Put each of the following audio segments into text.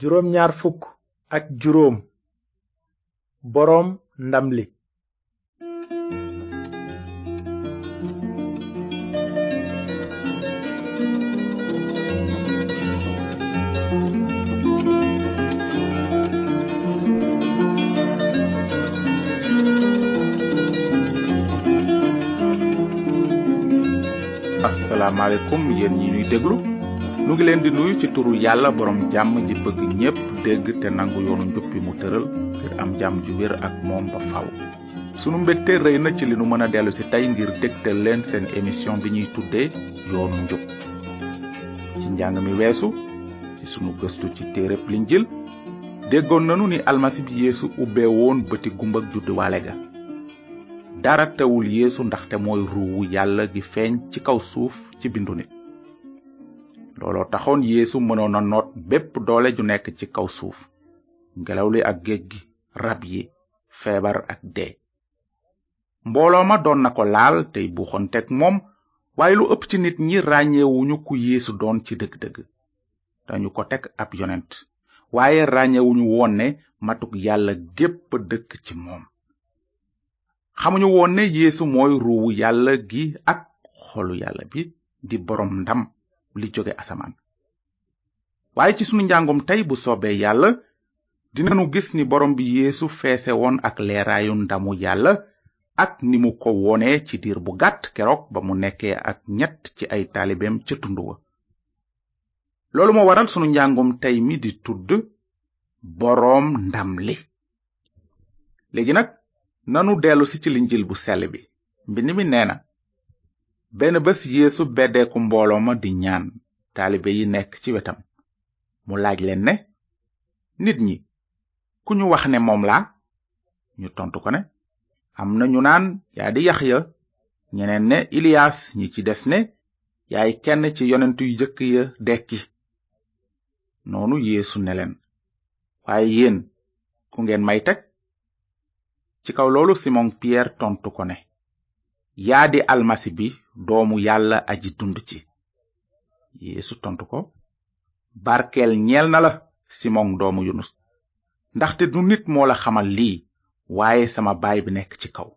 juróom ñaar fukk ak juróom boroom ndam li asalaamaaleykum yéen ñi ñuy déglu nu ngi leen di nuyu ci turu yàlla borom jàmm ji bëgg ñépp dégg te nangu yoonu njub bi mu tëral ngir am jàmm ju wér ak moom ba faw sunu mbégte rey na ci li nu mën a dellu si tey ngir dégtal leen seen émission bi ñuy tuddee yoonu njub ci njàng mi weesu ci sunu gëstu ci téereb linjil déggoon nanu ni almasi bi yéesu ubbe woon bëti gumba ak judduwaale ga dara tewul yeesu ndaxte mooy ruuwu yàlla gi feeñ ci kaw suuf ci bindu nit looloo taxoon yéesu mënoon a noot bépp doole ju nekk ci kaw suuf ngelaw li ak géej gi rab yi feebar ak dee mbooloo ma doon na ko laal tey teg moom waaye lu ëpp ci nit ñi ràññewuñu ku yéesu doon ci dëgg-dëgg dañu ko teg ab yonent waaye ràññewuñu woon ne matuk yàlla gépp dëkk ci moom xamuñu woon ne yéesu mooy ruuwu yàlla gi ak xolu yàlla bi di boroom ndam li jóge asamaan waaye ci sunu njàngum tey bu soobee yàlla dinanu gis ni boroom bi yéesu feese woon ak leeraayu ndamu yàlla ak ni mu ko wonee ci diir bu gàtt keroog ba mu nekkee ak ñett ci ay taalibeem ca tund wa loolu moo waral sunu njàngum tey mi di tudd boroom ndam li léegi nag nanu dellusi ci linjil bu sell bi mbind mi nee na benn bés yeesu beddeeku mbooloo ma di ñaan taalibe yi nekk ci wetam mu laaj leen ne nit ñi ku ñu wax ne moom la ñu tontu ko ne am na ñu naan yaa di yaxya ñeneen ne iliyaas ñi ci des ne yaay kenn ci yonent yu jëkk ya dekki noonu yeesu ne leen waaye yéen ku ngeen may teg ci kaw loolu simon pierre tontu ko ne yaa di almasi bi doomu yàlla aji dund ci yeesu tontu ko barkeel ñeel na la simon doomu yunus ndaxte du nit moo la xamal lii waaye sama baay bi nekk ci kaw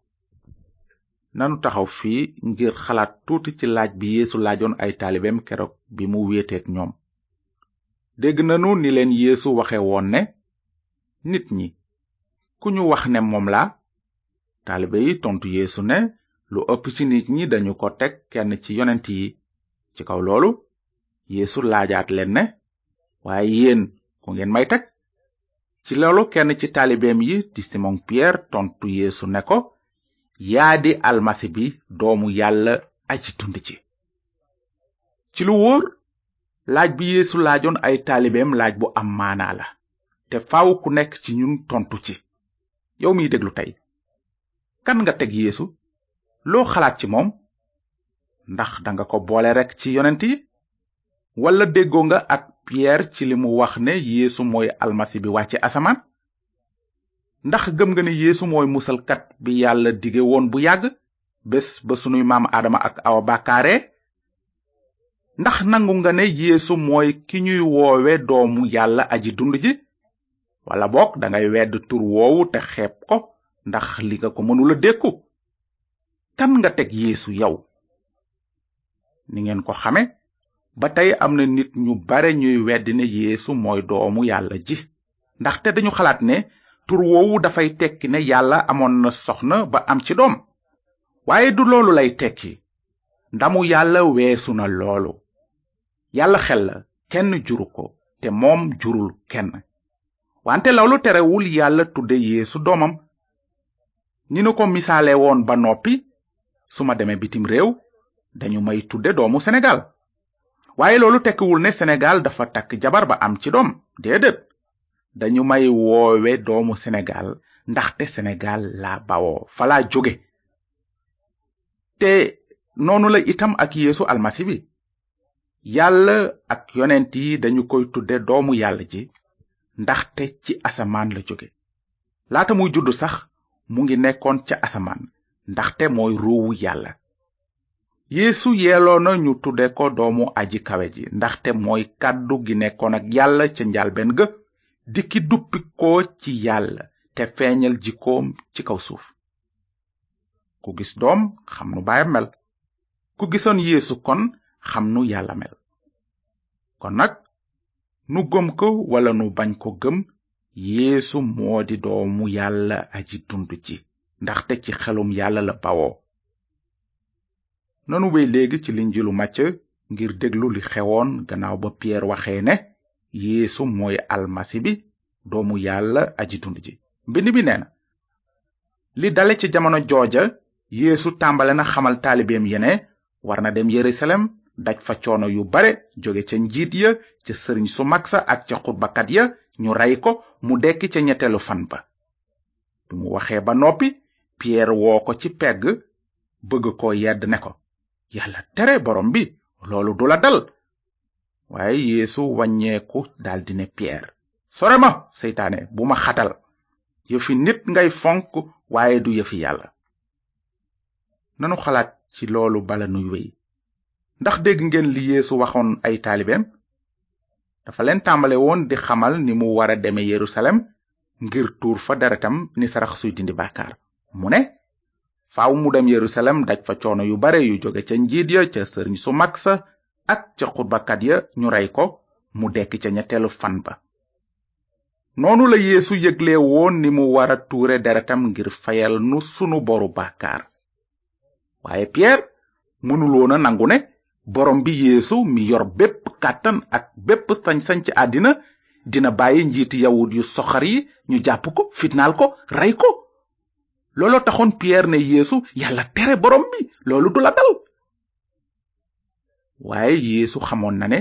nanu taxaw fii ngir xalaat tuuti ci laaj bi yéesu laajoon ay taalibeem keroog bi mu wéeteek ñoom dégg na nanu ni leen yéesu waxe woon ne nit ñi ku ñu wax ne moom la taalibe yi tont yéesu ne lu ëpp ci nit ñi dañu ko teg kenn ci yonent yi ci kaw loolu yéesu laajaat leen ne waaye yéen ku ngeen may teg ci loolu kenn ci taalibeem yi di simon pierre tontu yéesu ne ko yaa di almasi bi doomu yàlla aji tund ci ci lu wóor laaj bi yéesu laajoon ay taalibeem laaj bu am maanaa la te faw ku nekk ci ñun tontu ci yow miy déglu tey kan nga teg yéesu loo xalaat ci moom ndax danga ko boole rekk ci yonent yi wala déggoo nga ak Pierre ci li mu wax ne yéesu mooy almasi bi wàcce asamaan ndax gëm nga ne yéesu mooy musalkat bi yàlla digge woon bu yàgg bés ba sunuy maam Adama ak Awa bàkkaare ndax nangu nga ne Yeesu mooy ki ñuy woowe doomu yàlla aji dund ji walla boog dangay wedd tur woowu te xeeb ko ndax li nga ko mënula dékku kan nga teg yeesu yow ni ngeen ko xame ba tey am na nit ñu bare ñuy weddi ne yeesu mooy doomu yàlla ji ndaxte dañu xalaat ne tur woowu dafay tekki ne yàlla amoon na soxna ba am ci doom waaye du loolu lay tekki ndamu yàlla weesu na loolu yàlla xel la kenn juru ko te moom jurul kenn wante loolu terewul yàlla tudde yéesu doomam ni nu ko misaale woon ba noppi su ma demee bitim réew dañu may tudde doomu senegal waaye loolu tekkiwul ne senegal dafa takk jabar ba am ci doom déedéet dañu may woowe doomu senegal ndaxte senegal la bawoo falaa jóge te noonu la itam ak yeesu almasi bi yàlla ak yonent yi dañu koy tudde doomu yàlla ji ndaxte ci asamaan la jóge laata muy juddu sax mu ngi nekkoon ca asamaan ndaxte mooy ruuwu yàlla yéesu yeeloo na ñu tudde ko doomu aji kawe ji ndaxte mooy kàddu gi nekkoon ag yàlla ca njalben ga di duppi ko ci yàlla te feeñal jikkoom ci kaw suuf ku gis doom xam nu baayam mel ku gisoon yeesu kon xam nu yàlla mel kon nag nu gëm ko wala nu bañ ko gëm yeesu moo di doomu yàlla aji dund ji ndaxte ci xelum yàlla la bawoo nanu wéy léegi ci li linjilu màcc ngir déglu li xewoon gannaaw ba piyeer waxee ne yeesu mooy almasi bi doomu yàlla aji dund ji mbind bi nee li dale ci jamono jooja yéesu tàmbale na xamal taalibeem yi war na dem yerusalem daj fa coono yu bare jóge ca njiit ya ca sëriñ su mag sa ak ca xutbakat ya ñu rey ko mu dekki ca ñetteelu fan ba bi mu waxee ba noppi piyeer woo ko ci pegg bëgg ko yedd ne ko yàlla tere boroom bi loolu du la dal waaye yeesu wàññeeku daldi ne piyeer sore ma seytaane bu ma xatal yëfi nit ngay fonk waaye du yëfi yàlla nanu xalaat ci loolu bala nuy wey ndax dégg ngeen li yeesu waxoon ay taalibeem dafa leen tàmbale woon di xamal ni mu wara deme yerusalem ngir tuur fa deretam ni sarax suy dindi bàkkaar mu ne faw mu dem yerusalem daj fa coono yu bare yu jóge ca njiit ya ca sëriñ su mag sa ak ca xutbakat ya ñu rey ko mu dekki ca ñetteelu fan ba noonu la yéesu yëgle woon ni mu wara tuure deretam ngir fayal nu sunu boru bàkkaar waaye piyeer mënuloon a nangu ne borom bi yeesu mi yor bépp kàttan ak bépp sañ-sañ ci àddina dina bàyyi njiiti yawut yu soxar yi ñu jàpp ko fitnaal ko rey ko loolo taxoon Pierre ne Yeesu yàlla tere borom bi loolu du la dal waaye Yeesu xamoon na ne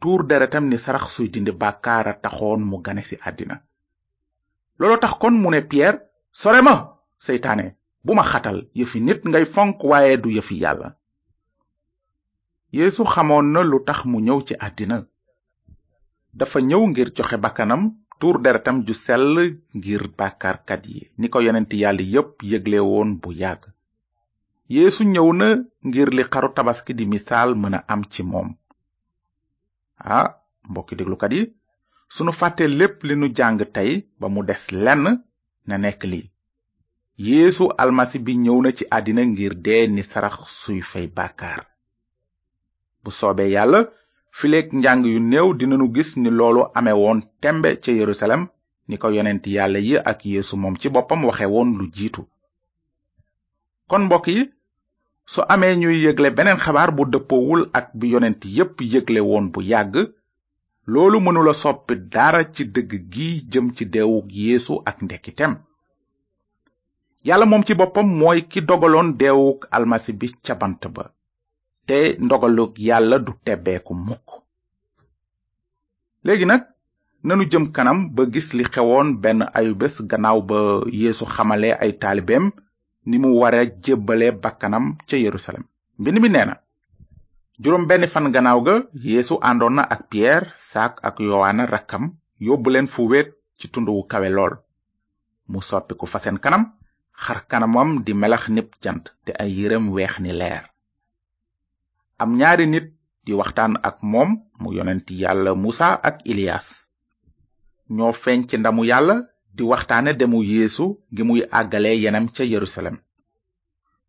tuur deretam ni sarax suy dindi bàkkaar a taxoon mu gane ci àddina looloo tax kon mu ne Pierre sore ma seytaane bu ma xatal yëfi nit ngay fonk waaye du yëfi yàlla Yeesu xamoon na lu tax mu ñëw ci àddina dafa ñëw ngir joxe bakkanam tuur deretam ju sell ngir bàkkaarkat yi ni ko yonent yàlla yépp yëgle woon bu yàgg yéesu ñëw na ngir li xaru tabaski di misaal mën a am ci moom ah mbokki déglukat yi sunu fàtte lépp li nu jàng tey ba mu des lenn na nekk li yeesu almasi bi ñëw na ci àddina ngir dee ni sarax suy fay bàkkaar bu soobee yàlla fileek njàng yu néew dinanu gis ni loolu amee woon tembe ca yerusalem ni ko yonent yàlla yi ak yéesu moom ci boppam waxe woon lu jiitu kon mbokk yi su amee ñuy yëgle beneen xabaar bu dëppoowul ak bi yonent yépp yëgle woon bu yàgg loolu mënula soppi dara ci dëgg gi jëm ci deewug yéesu ak ndekkiteem yàlla moom ci boppam mooy ki dogaloon deewug almasi bi ca bant ba te ndogalug yàlla du tebbeeku léegi nag nanu jëm kanam ba gis li xewoon benn ayubés gannaaw ba yéesu xamale ay taalibeem ni mu wara jébbale bakkanam ca yerusalem mbind mi nee na juróom benn fan gannaaw ga yéesu àndoon na ak piyeer saak ak yowaana rakkam yóbbu leen fu ci tunduwu kawe lool mu soppiku fa seen kanam xar kanamam di melax nib jant te ay yërem weex ni leer am ñaari nit di waxtaan ak moom mu yonent yàlla musa ak iliyas ñoo feeñ ci ndamu yàlla di waxtaane demu yeesu gi muy àggale yenam ca yerusalem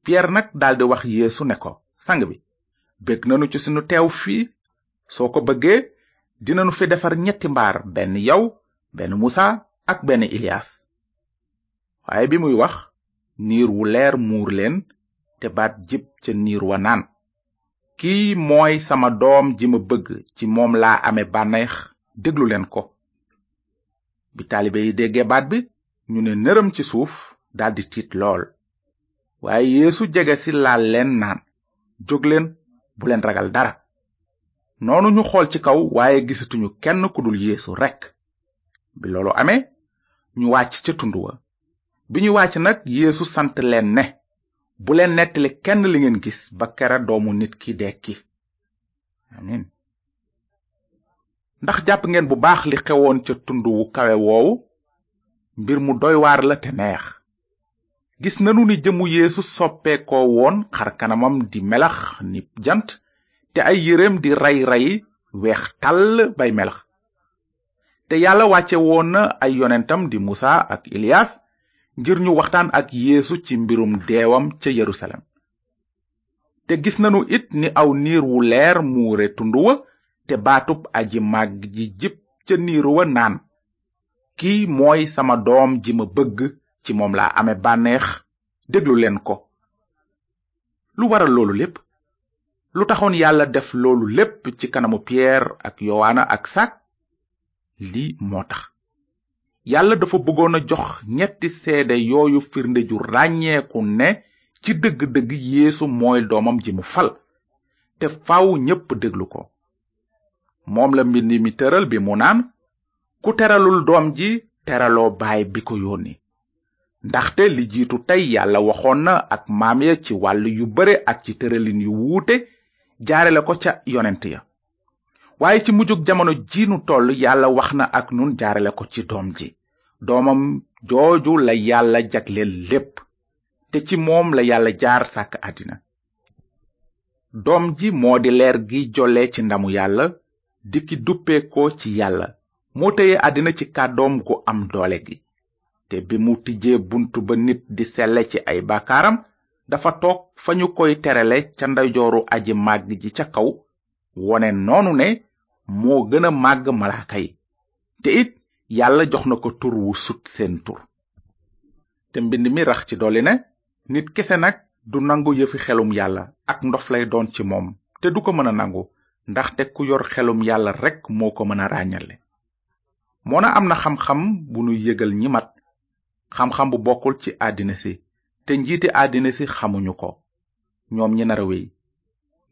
piyeer nag daldi wax yeesu ne ko sang bi bég nanu ci sunu teew fii soo ko bëggee dinanu fi defar ñetti mbaar benn yow benn musa ak benn iliyas waaye bi muy wax niir wu leer muur leen te baat jib ca niir wa naan kii mooy sama doom ji ma bëgg ci moom laa ame bànneex déglu leen ko bi taalibe yi déggee baat bi ñu ne nërëm ci suuf daldi tiit lool waaye yeesu jege ci laal leen naan jóg leen bu leen ragal dara noonu ñu xool ci kaw waaye gisatuñu kenn ku dul yeesu rekk bi loolu amee ñu wàcc ca tund wa bi ñu wàcc nag yéesu sant leen ne bu leen nettali kenn li ngeen gis ba kera doomu nit ki dekki ndax jàpp ngeen bu baax li xewoon ca tund wu kawe woowu mbir mu doy waar la te neex gis nanu ni jëmu yéesu soppeekoo woon xar kanamam di melax ni jant te ay yéreem di ray ray weex tàll bay melax te yàlla wàcce woon na ay yonentam di musa ak iliyas ngir ñu waxtaan ak yéesu ci mbirum deewam ca yerusalem te gis nanu it ni aw niir wu leer muure tund wa te baatub aji màgg ji jip ca niiru wa naan kii mooy sama doom ji ma bëgg ci moom laa ame bànneex déglu leen ko lu waral loolu lépp lu taxoon yàlla def loolu lépp ci kanamu piyeer ak yowaana ak sak lii moo tax yàlla dafa bëggoon a jox ñetti seede yooyu firnde ju ràññeeku ne ci dëgg-dëgg yeesu mooy doomam ji mu fal te faaw ñépp déglu ko moom la mbind mi tëral bi mu naan ku teralul doom ji teraloo baay bi ko yónni ndaxte li jiitu tey yàlla waxoon na ak maam ya ci wàll yu bare ak ci tëralin yu wuute jaare la ko ca yonent ya waaye ci mujjug jamono ji nu toll yàlla wax na ak nun jaarale ko ci doom ji doomam jooju la yàlla jagleel lépp te ci moom la yàlla jaar sàkk àddina doom ji moo di leer gi jolle ci ndamu yàlla dikki ki duppeekoo ci yàlla moo téye àddina ci kàddoom gu am doole gi te bi mu tijjee bunt ba nit di selle ci ay baakaaram dafa toog fa ñu koy terale ca ndeyjooru aji màgg ji ca kaw wone noonu ne moo gën a màgg malaaka yi te it yàlla jox na ko tur wu sut seen tur te mbind mi rax ci dolli ne nit kese nag du nangu yëfi xelum yàlla ak ndof lay doon ci moom te du ko mën a nangu ndaxte ku yor xelum yàlla rekk moo ko mën a ràññale na am na xam-xam bu nu yëgal ñi mat xam-xam bu bokkul ci àddina si te njiiti àddina si xamuñu ko ñoom ñi nara wéy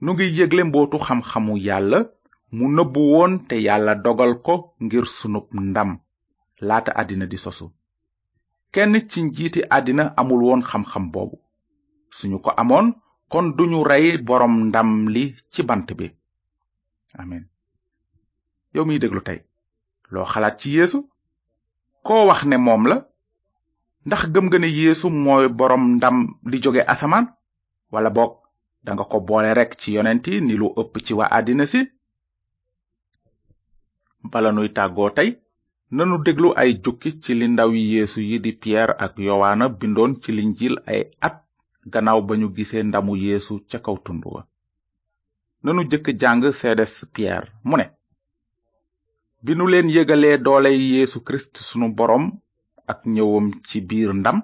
nu ngi yégle mbootu xam-xamu yàlla mu nëbbu woon te yàlla dogal ko ngir sunub ndam laata àddina di sosu kenn ci njiiti àddina amul woon xam-xam boobu suñu ko amoon kon duñu rey boroom ndam li ci bant bi amen yow mi déglu tey loo xalaat ci yeesu koo wax ne moom la ndax gëm nga ne mooy boroom ndam li jóge asamaan wala boog danga ko boole rekk ci yonent yi ni lu ëpp ci waa àddina si bala nuy tàggoo tey nanu déglu ay jukki ci li ndawi yeesu yi di piyeer ak yowaana bindoon ci linjiil ay at gannaaw ba ñu gisee ndamu yéesu ca kaw tund wa nanu jëkk jàng sedes piyeer mu ne bi nu leen yëgalee dooley yéesu kirist sunu boroom ak ñëwam ci biir ndam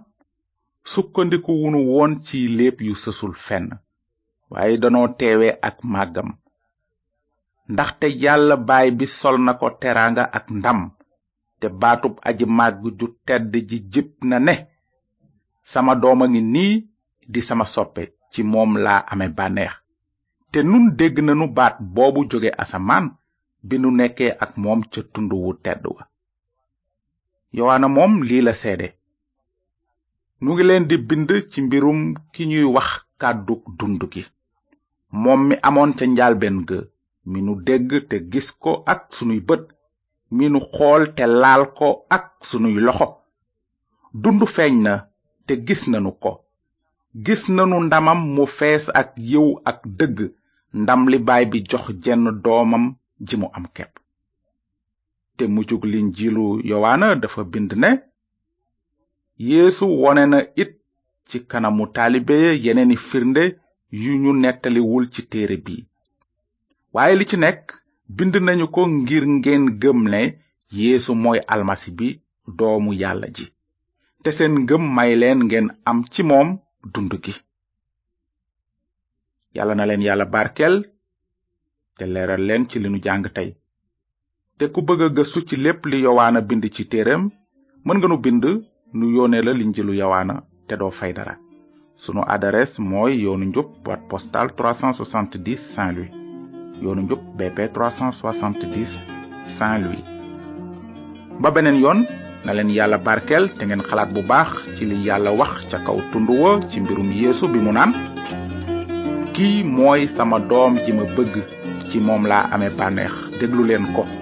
sukkandiku woon ci léeb yu sësul fenn waaye danoo teewee ak màggam ndaxte yàlla baay bi sol na ko teraanga ak ndam te baatub aji màgg ju tedd ji jib na ne sama doom a ngi nii di sama soppe ci moom laa ame bànneex te nun dégg nanu baat boobu jóge asamaan bi nu nekkee ak moom ca tund wu tedd wa yowaana moom lii la seede nu ngi leen di bind ci mbirum ki ñuy wax kàddu dund gi moom mi amoon ca njaalbeen ga mi nu dégg te gis ko ak sunuy bët mi nu xool te laal ko ak sunuy loxo dund feeñ na te gis nanu ko gis nanu ndamam mu fees ak yiw ak dëgg ndam li baay bi jox jenn doomam ji mu am kepp te mujjug linjiilu yowaana dafa bind ne yéesu wone na it ci kanamu taalibe yeneeni firnde yu ñu nettaliwul ci téere bi waaye li ci nekk bind nañu ko ngir ngeen gëm ne yéesu mooy almasi bi doomu yàlla ji te seen gëm may leen ngeen am ci moom dund gi yàlla na leen yàlla barkeel te leeral leen ci li nu jàng tey te ku bëgg a gëstu ci lépp li yowaana bind ci téeram mën nga nu bind nu yónnee la linjilu yowaana te doo fay dara sunu adresse mooy yoonu njub boîte postale 370 Saint-Louis yoonu njub BP 370 Saint-Louis. ba beneen yoon na leen yàlla barkeel te ngeen xalaat bu baax ci li yàlla wax ca kaw tund wa ci mbirum yéesu bi mu naan. kii mooy sama doom ji ma bëgg ci moom laa amee bànneex déglu leen ko.